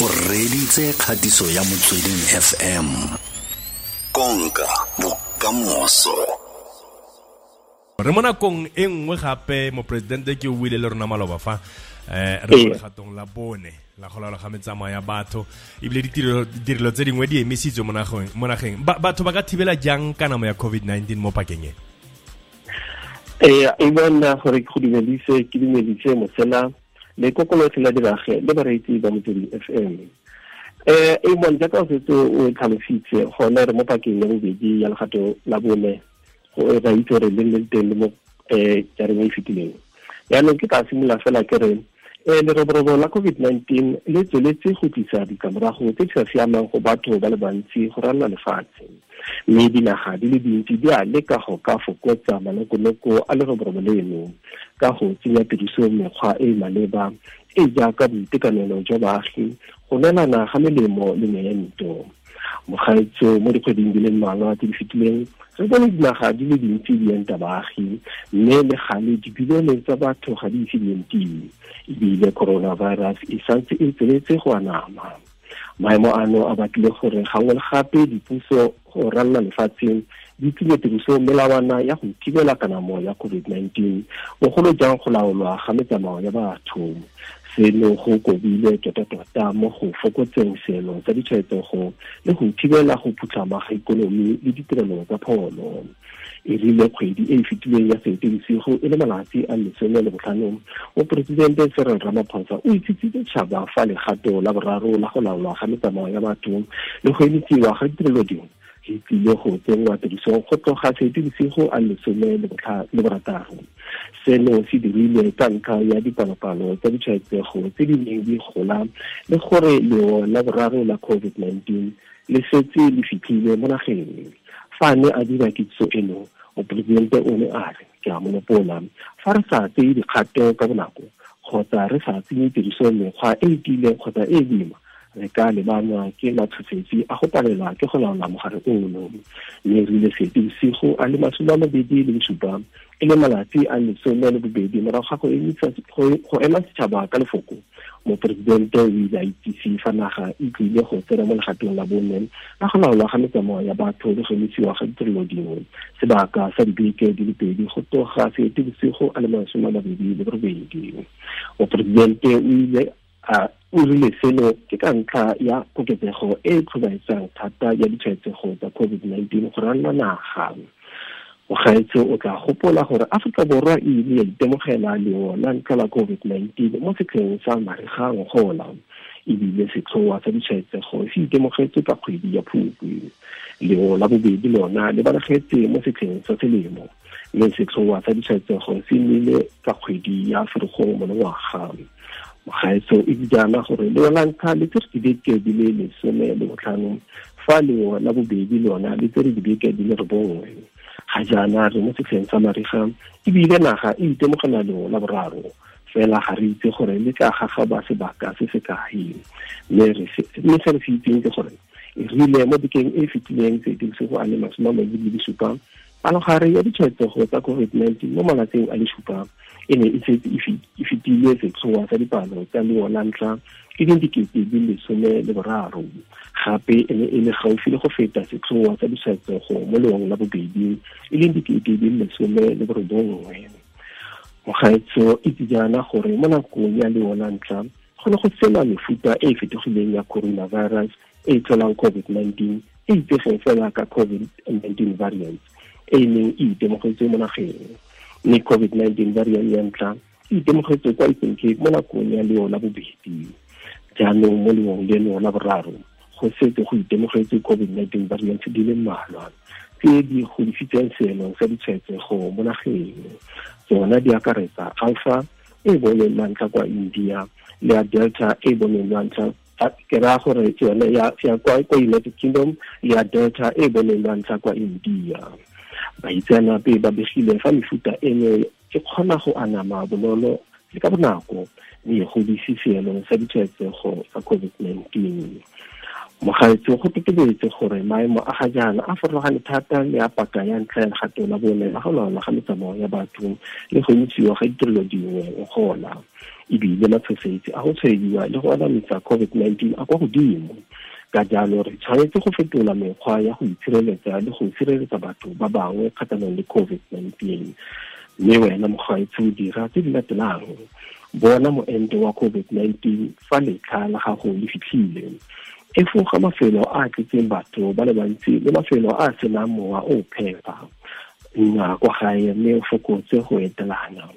o reditse kgatiso ya motsweding fm konka bokamoso re mo nakong e nngwe gape moporesidente ke o buile le rona maloba fa um re mo ee. la bone la go laola ga metsamao ya batho ebile ditirelo tse dingwe di emisitswe mo nageng batho ba ka thibela jang ka namo ya covid-19 mo pakeng e ee, e bona gore ke go dumedise ke dumedise mosela le kokolotlhe la dirage le bareetsi ba motswedi f m eh e bon jaaka o setse o tlhalositse gone re mo pakeng ya bobedi ya legato la bone ra e itse gore le le teng le mo um jareng e e fetileng yaanong ke tla simolola fela ke re um leroborobo la covid-19 le tsweletse go tlisa ditlamorago tse di sa siamang go batho ba le bantsi go ranna lefatshe mme dinaga di le dintsi di a leka go ka fokotsa manokonoko a leroborobo leno ka go tsenya tiriso mekgwa e e maleba e jaaka boitekanelo jwa baagi go nelana ga melemo le meento mogaetso mo dikgweding di le mmalwa tse di fetileng re bone dinaga di le dintsi di enta baagi mme le gale dibilione tsa batho ga di ise di entiwe ebile coronavirus e santse e tsweletse go anama maemo ano a batlile gore gangwe le gape dipuso go ranna lefatsheng di tsile tiriso melawana ya go thibela kanamo ya covid-19 bogolo jang go laolwa ga metsamao ya batho seno go kobile tota-tota mo go fokotseng seelo tsa ditshwaetsego le go thibela go phutlhama ga ikonomi le ditirelo tsa pholo e rile kgwedi e e fetileng ya seetebosigo e le malatsi a lesome le botlhanong moporesidente serel ramaphosa o itsitsitse tšhaba fa legato la boraro la go laolwa ga metsamao ya batho le go emisiwa ga ditirelo dingwe e tlile go tsenngwa tirisong go tloga s e d i e o s i g o a lesome le borataro seno se dirilwe ka ntlha ya dipalopalo tsa ditshwaetsego tse di neng di gola le gore leo la boraro la covid-19 le setse le fitlhile mo nageng fa ne a dira kitso eno moporesidente o ne a re ke a monopola fa re sa tseye dikgato ka bonako kgotsa re sa tsenye tiriso mekgwa e e tiileng kgotsa e e boima re ka lebanwa ke matshosetsi a go palelwa ke go laola mogare ono mme re ile seetebosigo a le masome a mabedi le bosupa e le malatsi a lesome le bobedi morago ga go ema setšhaba ka lefoko moporesidente o ile a itsise fa naga e tlile go tsena mo legatong la bone ka go laolwa ga metsamao ya batho le go emisiwa ga ditirelo dingwe sebaka sa dibeke di le pedi go toga seetebosigo a le masome a mabedi le borobedi moporesidente o ile a o rile seno ke ka ntlha ya koketsego e e tlhobaetsang thata ya ditshwaetsego tsa covid-19 go ranna naga o gaetse o tla gopola gore aforika borwa e ile ya itemogela leona ntlha la covid-19 mo setlheng sa marigang gola ebile setlhoa sa ditshwaetsego se itemogetse ka kgwedi ya phukwi leo la bobedi lona le b a l a g e t s e mo setlheng sa selemo mme setlhoa sa ditshwaetsego se nnile ka kgwedi ya f e r i g o n g monongwaga gaeso e dijana gore le yona ntlha le tsere dibeke di le lesome le botlhano fa le yona bobedi le yona le tsere dibeke di le re bongwe ga jaana re mo setlheng sa mariga ebile naga e itemogela le la boraro fela ga re itse gore le ka gagaba sebaka se se kae mme se re se itseng ke gore e rile mo bekeng e fetileng tse dirisego a le masome a mabedi le disupa palogare ya ditshwaetsego tsa covid-19 mo malatsing a le supa e ne e setse e, e fetile setshoa sa dipalo tsa leo la ntlha ke dindikete di lesome le boraro gape e ne e le gaufi le go feta setshoa sa ditshwaetsego mo leong la bobedi e leng dikete di lesome le borobongwe mogaetso itse e jaana gore mo nakong ya leo la ntlha go ne go tsela mefuta e e fetogileng ya coronavirus e e tlholang covid-19 e itsegeng fela ka covid-19 variants e neng e itemogetse mo nageng mme covid-19 varian ya ntlha e itemogetse kwa cape mo nakong ya leo la bobedi jaanong mo leong leno la boraro go setse go itemogetse covid-19 variant di le mmalwa tse di godisitseng seelong sa ditshwaetsego mo nageng tsona di akaretsa alpha e boneng lwantlha kwa india le ya delta e boneng lwantlha ke raya gore yone ya kwa united kingdom le ya delta e boneng lwantlha kwa india Bayi tè an apè, babè chile, fè mi fouta ene, chè kwa an a ho an a ma, bono lò, zè kap nan akon, mi yon kou di sisi an an, fè di tè an akon, akon di kwenye mwenye. mogaetsi go totobetse gore maemo a ga jaana a farologane thata le a paka ya ntlha ya legato la bone la go laola ga metsamao ya batho le go ntshiwa ga ditirelo dingwe gona ebile matshosetsi a go tshwediwa le go anamisa covid-19 a kwa godimo ka jalo re tshwanetse go fetola mekgwa ya go itshireletsa le go sireletsa batho ba bangwe kgatlhanong le covid-19 mme wena mogaetsi o dira tse di latelang bona moento wa covid-19 fa letlha la gago le fitlhile e foga mafelo a a tletseng batho ba le bantsi le mafelo a a senang mowa o phepa nna kwa gae mme o fokotse go etelana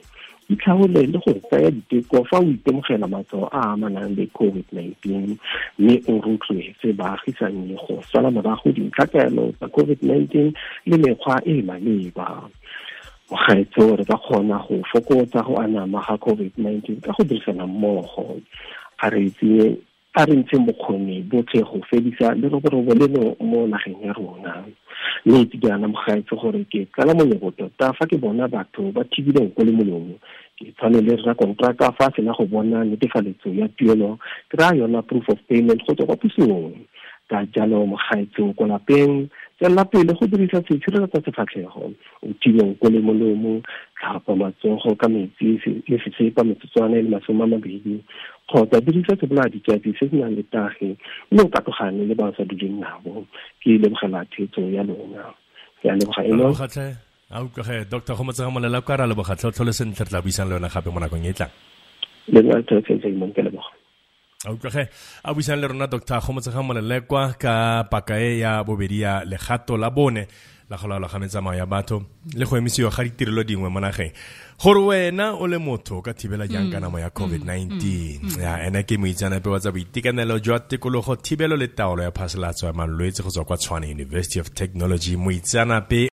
itlhaole le go tsaya diteko fa o itemogela matshwao a amanang le covid-19 mme o rotloetse baagisane go sala morago dintlhakaelo tsa covid-19 le mekgwa e e maleba mogaetso re ka kgona go fokotsa go anama ga covid-19 ka go dirisana mmogo a re itse a re ntshe bokgoni botlhe go fedisa leroborobo leno mo nageng ya rona mme itse ke anamogaetse gore ke tlala monyebo tota fa ke bona batho ba thibileng ko le molomo ke tshwane le rra kontraka fa a sena go bona netefaletso ya tuelo kry-a yona proof of payment go tswa kwa pusong ka jalo mogaetso ko lapeng tswelela pele go dirisa seitshireletsa sefatlhego o tileng ko le molomo tlhapa matsogo ka metsi le sesepa metsotswana e le masome a mabedi kgotsa dirisa sebolayadikatsi se se nang le tage mme o katogane le ba sa duleng nabo ke lebogela thetso ya lona ke a leboga eno a utlwege doctor go motsega molela ka ra leboga tlhotlhole sentle tla buisang le yona gape mo nakong e tlang le nna tlo sentle ke leboga Aukage, awisan le ronato ta homo tsagamo le lekwa ka pakae ya boberia le gato la bone la gola la game tsamao ya batho le go emisiwa ga ditirelo dingwe mo nageng gore wena o le motho ka thibela jang ka namo ya covid-19 ya ene ke moitseanape wa tsa boitekanelo jwa tikologo thibelo le taolo ya phaselatso ya malwetse go tswa kwa tshwane university of technology moitseanape